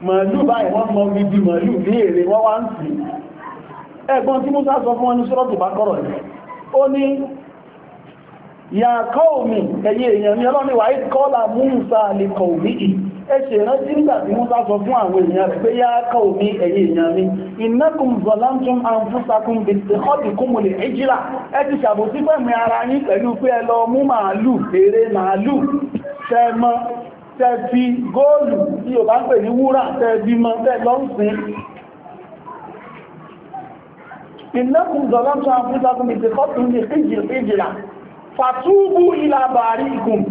màálù báyìí wọ́n mọ́ gidi màálù ní èrè wọ́n wá ń sí ẹ̀gbọ́n sọ fún wọn ní sọ́rọ̀tù bá kọ́rọ̀ ní ó ní yàkọ́ omi ẹ̀yẹ èèyàn ní ọlọ́ni wà ní kọ́lá múùsà lè kọ̀ omi ì ẹ̀ṣẹ̀ rántí nígbà tí múùsà sọ fún àwọn èèyàn pé yàkọ́ omi ẹ̀yẹ èèyàn mi ìnákùn zọlántún àǹfúsakùn bèèrè ọdìkúnmù lè ẹjìlá ẹ ti ṣàbòsí pẹ̀mí ara yín pẹ̀lú pé ẹ lọ mú màálù èrè màálù tẹmọ tẹfi góòlù tí ò bá pè ní wúrà tẹbímọ tẹ lọ́sìn ìnákùn zọlántún àǹfúsakùn bèèrè fàtúbù ilà bàárí ìkùn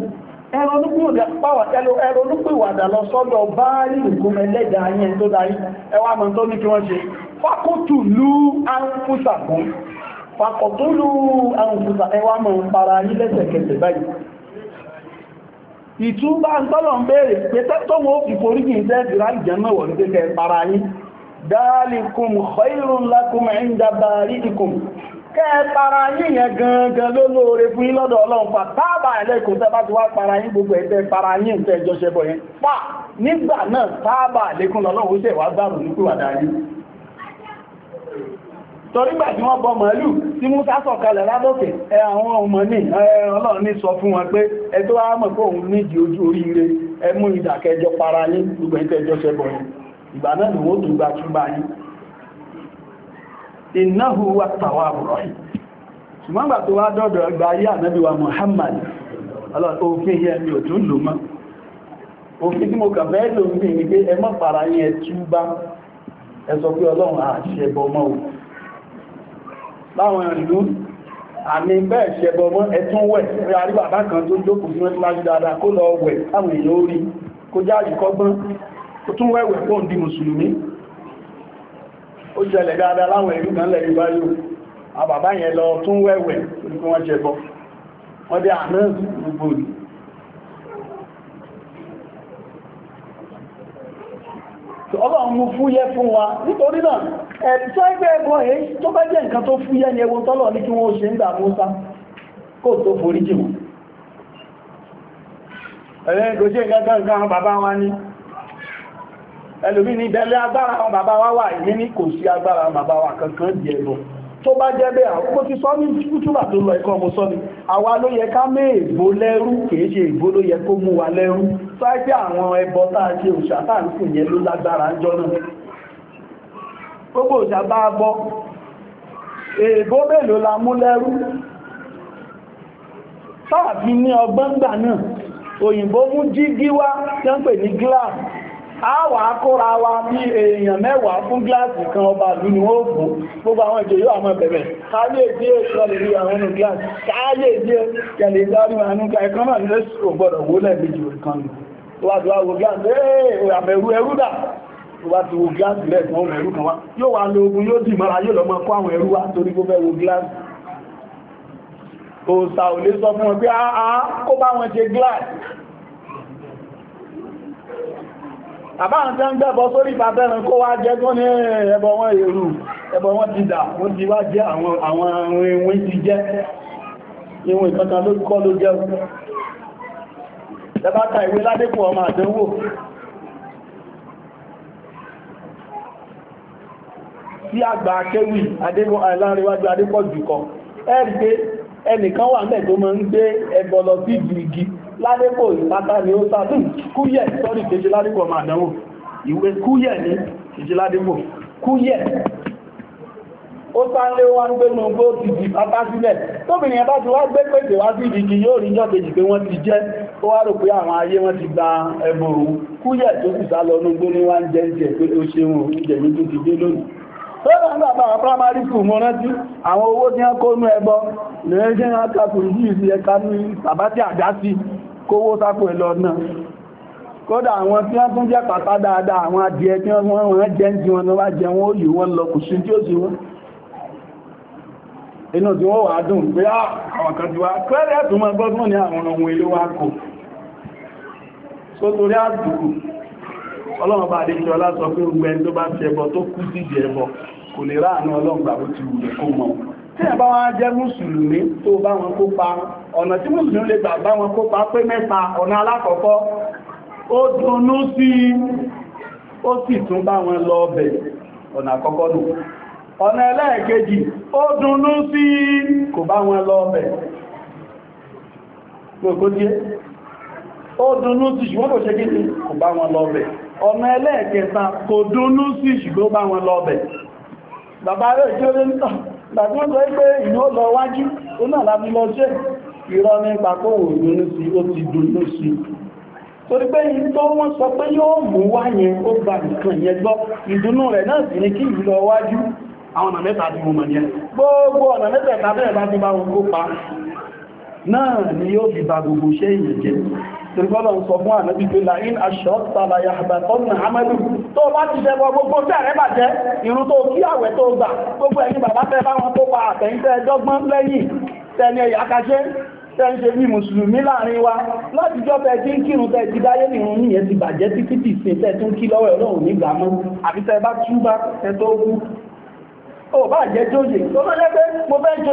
ẹ̀rọ̀lúpìwàdà lọ sọ́dọ̀ bàárí ìkùn ẹlẹ́dà ayẹ́ tó darí ẹwà mọ̀ tó ní kí wọ́n ṣe fàkótù lú àǹfúsàkún fàkótù lú àǹfúsà ẹwà mọ̀ para yí lẹ́sẹ̀kẹsẹ̀ báyìí ìtúbà ń tọ́lọ̀ kẹ́ẹ̀tara yíyàn gangan ló lóore fún ilọ́dọ̀ ọlọ́run pa tábà ẹlẹ́kùn tẹ́ bá ti wá para yín gbogbo ẹ̀tẹ́ para yín tẹ́ jọ ṣẹbọ̀ yẹn pa nígbà náà tábà ẹlẹ́kùn lọ́lọ́run ó tẹ̀ wá gbàrùn ní pìwàdà yìí torígbà tí wọ́n bọ màálù tí mú sásọ̀ kalẹ̀ lábọ́kẹ̀ ẹ àwọn ọmọ ní ọlọ́run ní sọ fún wọn pé ẹ tó wá mọ̀ pé òun nídi ojú oríire ẹ mú ìdàkẹjọ para yín gbogbo ẹ̀tẹ́jọ́ ṣẹbọ̀ yìí ìgbà náà ni wọ́n tó gbà túbà yìí innahu wa tàwàbù rahim ṣùgbọ́n gbà tó wá dọ́dọ̀ Muhammad òfin yẹ mi ò tún lò mọ́ òfin tí mo kà fẹ́ lò ń bí ní pé ẹ mọ́ fara yẹn túbá ẹ sọ pé ọlọ́run àṣẹbọ mọ́ o láwọn ìlú àmì bẹ́ẹ̀ ṣẹbọ mọ́ ẹtún wẹ̀ rí àríwá bá kan tó jókòó sí wọ́n lájú dáadáa kó lọ wẹ̀ táwọn èèyàn ó kó jáàjù kọ́gbọ́n ó tún wẹ̀wẹ̀ fóun di mùsùlùmí ó ṣẹlẹ̀ dáadáa láwọn ìlú kan lẹ́yìn bá yóò àbàbá yẹn lọ tún wẹ́wẹ̀ ní wọ́n jẹ bọ́ wọ́n dé àná gbogbo ọba mú fúyẹ́ fún wa nítorí náà ẹ̀tọ́ ẹgbẹ́ ẹgbọ́n èyí tó bá jẹ́ nǹkan tó fúyẹ́ ní ewu tọ́lọ̀ ní kí wọ́n ṣe ń dà Mùsá kò tó forí ẹlòmí ní ìbẹ̀lẹ̀ agbára àwọn bàbá wa wà ìní ní kò sí agbára àwọn bàbá wa kankan di ẹ̀lọ tó bá jẹ́ bẹ́ àwọn kó ti sọ ní túbà tó lọ ẹ̀kọ́ ọmọ sọ́ni àwa ló yẹ ká mé ègbó lẹ́rú kìí ṣe ègbó ló yẹ kó mú wa lẹ́rú sáájú àwọn ẹbọ tá ṣe òṣà tá ń sìn yẹn ló lágbára ń jọ́nà gbogbo òṣà bá bọ́ ègbó mélòó la mú lẹ́rú sáàfin ní ọgbọ́n gbà náà òyìnbó mú jígí wá tí wọ́n pè ní glass a wà kóra wa bí èèyàn mẹ́wàá fún gíláàsì kan ọba ìlú ni wọ́n fún gbogbo àwọn ìjọ yóò àmọ́ bẹ̀rẹ̀ káyé tí ó sọ́lẹ̀ rí àwọn ọmọ gíláàsì káyé tí ó kẹlẹ̀ ìdárí wọn nígbà ẹ̀kan náà lè sọ gbọ́dọ̀ wó lẹ́ẹ̀mejì kan wà tó wọ gíláàsì ẹ̀rù ẹ̀rù dà tó bá ti wo gíláàsì lẹ́ẹ̀kan ọmọ ẹ̀rù kan wá yóò wá lo ogun yóò dì mọ́ra yóò àbá àwọn tẹ́ ń gbẹ́bọ sórí ìbàbẹ́rin kó wá jẹ́ tó ní ẹbọ wọn èrú ẹbọ wọn ti dà wọ́n ti wá jẹ́ àwọn ìwọ̀n ti jẹ́ ìwọ̀n ìkankan ló kọ́ ló jẹ́ ẹbáta ìwé ládépò ọmọ àdánwò sí àgbà akéwì láàrínwájú adépọ̀jù kan ẹ̀rí pé ẹnìkan wà mẹ́ tó máa ń gbé ẹbọ lọ sí ìgbìgì ládépò ìpátá ni ó sáàtù hmm, kúyẹ̀ sọ́rì kejì ládépò ọmọ àdánwò ìwé kúyẹ̀ ní kejì ládépò kúyẹ̀ ó sáńlé wá ń gbé nù bó ti di pátá sílẹ̀ tóbìnrin ẹ̀bá ti wá gbé pèsè wá sí ìdíjì yóò rí jọ́ kejì pé wọ́n ti jẹ́ ó wá rò pé àwọn ayé wọ́n ti gba ẹbọ òun kúyẹ̀ tó sì sá lọ nígbó ní wá ń jẹ́ ìjẹ́ pé ó ṣe wọn oúnjẹ mi tó ti dé lónìí Tọ́lá ń bàbá àwọn primary school mọ́ rántí àwọn owó tí wọ́n kó nú ẹbọ lẹ́yìn tí wọ́n kàkùrù yìí sí ẹka ní tàbátí àdásí kówó sápò ẹ̀lọ náà kódà àwọn tí wọ́n tún jẹ́ pàtà dáadáa àwọn adìẹ tí wọ́n wọ́n jẹ́ ń jí wọn lọ́wọ́ jẹ wọ́n ó lè wọ́n lọ kù sí tí ó sì wọ́n inú tí wọ́n wà dùn pé ah, àwọn kan ti wá kẹ́rẹ́ ẹ̀tùn mọ́ gọ́gbọ́n ní àwọn ohun èlò wa kò sótórí àdùkù ọlọ́run bá dé kí ọlá sọ pé gbogbo ẹni tó bá ti ẹbọ tí ẹ̀bá wọn jẹ́ mùsùlùmí tó bá wọn kópa ọ̀nà tí mùsùlùmí lè gbà bá wọn kópa pé mẹ́ta ọ̀nà alákọ̀ọ́kọ́ ó dùnnú sí ó sì tún bá wọn lọ bẹ̀ ọ̀nà àkọ́kọ́ nù ọ̀nà ẹlẹ́ẹ̀kejì ó dùnnú sí kò bá wọn lọ bẹ̀ ó dùnnú sí ṣùgbọ́n kò ṣe kí ni kò bá wọn lọ bẹ̀ ọ̀nà ẹlẹ́ẹ̀kẹta kò dùnnú sí ṣùgbọ́n bá wọn lọ bẹ̀ bàbá rẹ̀ tí ó lé nítàn ah, gbàtí wọ́n sọ pé ìlú ó lọ wájú ó náà láti lọ ṣe ìrọ́ nípa kó wò lónú sí ó ti dúró sí torí pé ìlú tó wọ́n sọ pé yóò mú wá yẹn ó gba nǹkan yẹn gbọ́ ìdùnnú rẹ̀ náà sì ní kí ìlú lọ wájú àwọn ọ̀nà mẹ́ta ti mú mọ̀ yẹn gbogbo ọ̀nà mẹ́tẹ̀ẹ̀ta bẹ́ẹ̀ bá ti bá wọn kópa náà ni yóò fi bá gbogbo ṣe ìyẹ̀jẹ̀ tìrìbọ́lọ̀ ń sọ fún ànábì pé láìín aṣọ́ tààlà yàgbà tọ́nà amẹ́lù tó bá ti ṣẹbọ gbogbo tí ààrẹ bàjẹ́ irun tó kí àwẹ̀ tó gbà gbogbo ẹ̀yin bàbá fẹ́ báwọn tó pa àtẹ̀yìntẹ́ bá túbá tó kú ó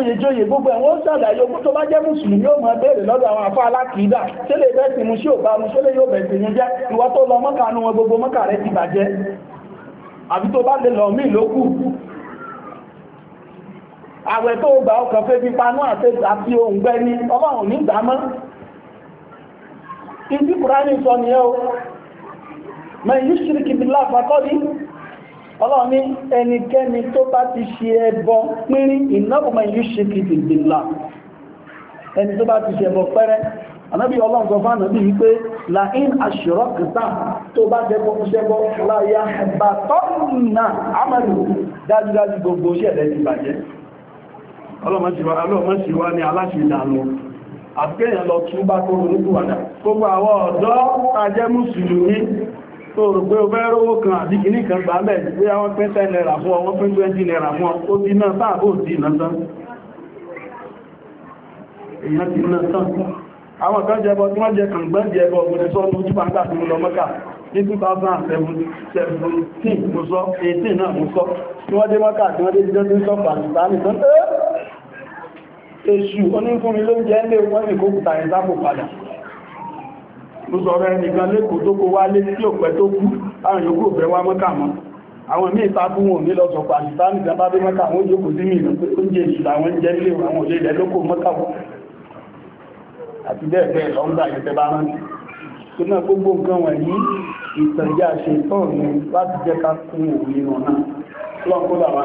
jóye jóye gbogbo ẹ̀wọ̀n ṣàlàyé ogún tó bá jẹ́ mùsùlùmí yóò máa béèrè lọ́dọ̀ àwọn àfá alákìídà ṣé lè bẹ́ẹ̀ sì mú sí òbá mu ṣé lè yóò bẹ̀ẹ̀ sì mú jẹ́ ìwọ tó lọ mọ́kà nu wọn gbogbo mọ́kà rẹ ti bàjẹ́ àbí tó bá lè lọ mí lókù àwẹ̀ tó gbà ọkàn fẹ́ fi panú àti òǹgbẹ ni ọlọ́run ní ìdámọ́ ìdí kùránì sọ nìyẹn o mẹ́yìn yìí ṣìrìkì bí láfàkọ́ ní ọlọ́run ní ẹnikẹ́ni tó bá ti ṣe ẹbọ pínrín ìnáwọ̀mọ̀ yìí ṣe kìtì ìgbìlá ẹni tó bá ti ṣe ẹbọ pẹ́rẹ́ ànábì ọlọ́run sọ fún ànábì wípé la'in ashrakta tó bá jẹ́bọ́ ṣẹbọ́ láyá ẹ̀bà tọ́nà àmàlù dájúdájú gbogbo ṣẹ̀lẹ̀ ti bàjẹ́ ọlọ́run sì wá ní aláṣẹ ìdànù àbíkẹ́yàn lọ túbá kó ronúkúwàdà gbogbo àwọn ọ̀dọ́ ajẹ́ mùsùlùmí tó rò pé o fẹ́ rówó kan àti kìíní kan gbà mẹ́ pé àwọn pín 10 naira fún ọwọ́ pín 20 naira fún ọ ti náà sáà bó ti náà tán èyàn ti náà tán àwọn kan jẹbọ tí wọ́n jẹ kàn gbẹ́ jẹbọ ògbòdì sọ́nà ojú pàtàkì tí mo lọ mọ́kà ní 2017 mo sọ 18 náà mo sọ tí wọ́n dé mọ́kà tí wọ́n dé jíjọ́ tí ń sọ pàtàkì tán èṣù onífúnmi ló ń jẹ́ ilé wọ́n ní kó kùtà ìsápò padà mo sọ̀rọ̀ ẹnìkan lẹ́kọ̀ọ́ tó kó wá lé sí òpẹ́ tó kú láàrin yóò fẹ́ wá mọ́kà mọ́ àwọn mí ìtàkù wọn ní lọ́sọ̀ pàdìsáàmì ìjọba bí mọ́kà wọ́n jókòó sí mìíràn pé oúnjẹ ìṣìlá wọn jẹ́ ilé àwọn olè rẹ̀ lókò mọ́kà wọn àti bẹ́ẹ̀ bẹ́ẹ̀ lọ́ngbà ìfẹ́ bá rántí tó náà gbogbo nǹkan wọ̀n ní ìtànjá ṣe tán ní láti jẹ́ ká kún òmìnà náà lọ́nkó ṣọ́ra wa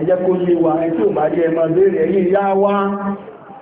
ẹ kó lé wa ẹ ò bá jẹ́ ẹmọ béèrè ẹ̀yìn yá wá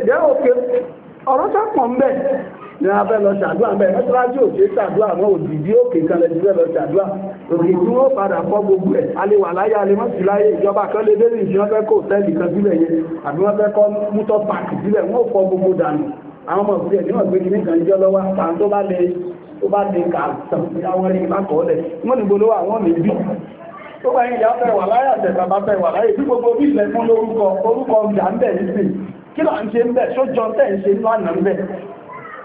ẹ̀dẹ́ òkè ọ̀rọ̀ sápọ̀ mbẹ̀ ní abẹ́ lọ ṣàdúrà mbẹ̀ mẹ́tírájú òṣè ṣàdúrà mọ́ òdìdí òkè kan lẹ́ti fẹ́ lọ ṣàdúrà òkè tí wọ́n padà kọ́ gbogbo ẹ̀ aléwà láyé alémọ́sí láyé ìjọba kan lè dé ní ìṣẹ́ fẹ́ kó tẹ́lì kan sílẹ̀ yẹn àbí wọ́n fẹ́ kọ́ mútọ́ pàkì sílẹ̀ wọ́n fọ́ gbogbo dànù àwọn ọmọ òfin ẹ̀ níwọ̀n gbé ní kan jọ lọ́wọ́ àtàwọn tó bá lè tó bá lè kà tàn àwọn ẹni bá kọ́ lẹ̀ wọ́n ní gbólówó àwọn mi bí tó bá yẹn ìyá fẹ́ wà láyé àtẹ̀bàbá fẹ́ wà láyé bí gbogbo bí ilẹ̀ fún lórúkọ orúkọ ìyá ń bẹ̀ nísìn kí lọ ń ṣe ń bẹ̀ ṣójọ tẹ́ ń ṣe lánà ń bẹ̀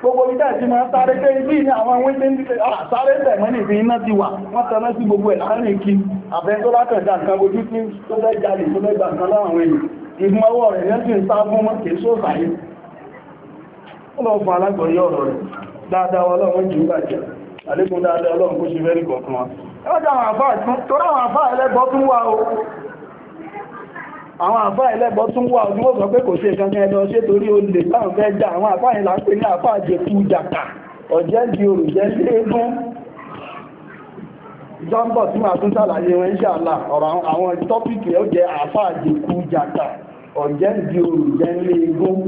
gbogbo ibi tẹ́ẹ̀ máa sáré pé ibi ní àwọn wíńdé ń dílé ah, sáré bẹ̀ mọ́ ní ìfìyín náà ti wà wọ́n tẹ́ná sí gbogbo ẹ̀ láàrin kí àbẹ́ tó látọ̀dá nǹkan ojú tí tó fẹ́ jalè tó fẹ́ gbà kan láwọn rẹ̀ àwọn àfá ẹlẹ́bọ tún wà ọdún ó sọ pé kò ṣe kankan ẹlọ ṣe torí olè láwọn fẹ́ jà àwọn àfá ìlà pé ní àfá jàkà ọ̀jẹ́ di òrùjẹ́ léégún jọ́mbọ̀ tí máa tún sàlàyé wọn ṣàlà àwọn tọ́pìkì ó àfá àjẹkù jàkà ọ̀jẹ́ di òrùjẹ́ léégún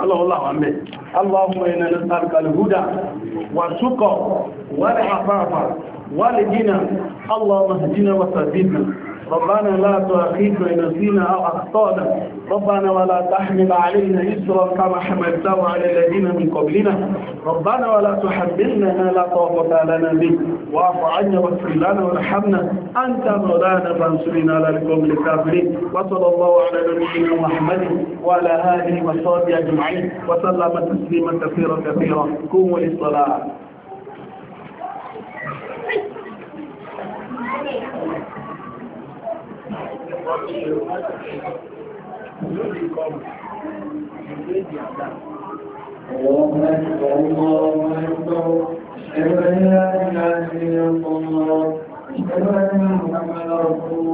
الله اللهم الهدى والعفاف والغنى اللهم اهدنا ربنا لا تؤاخذنا إن نسينا أو أخطأنا ربنا ولا تحمل علينا إسرا كما حملته على الذين من قبلنا ربنا ولا تحملنا ما لا طاقة لنا به واعف عنا واغفر لنا وارحمنا أنت مولانا فانصرنا على القوم الكافرين وصلى الله على نبينا محمد وعلى آله وصحبه أجمعين وسلم تسليما كثيرا كثيرا قوموا للصلاة Thank you. اللهم اكبر اللهم اكبر اشهد ان لا اله الا الله اشهد ان محمدا رسول الله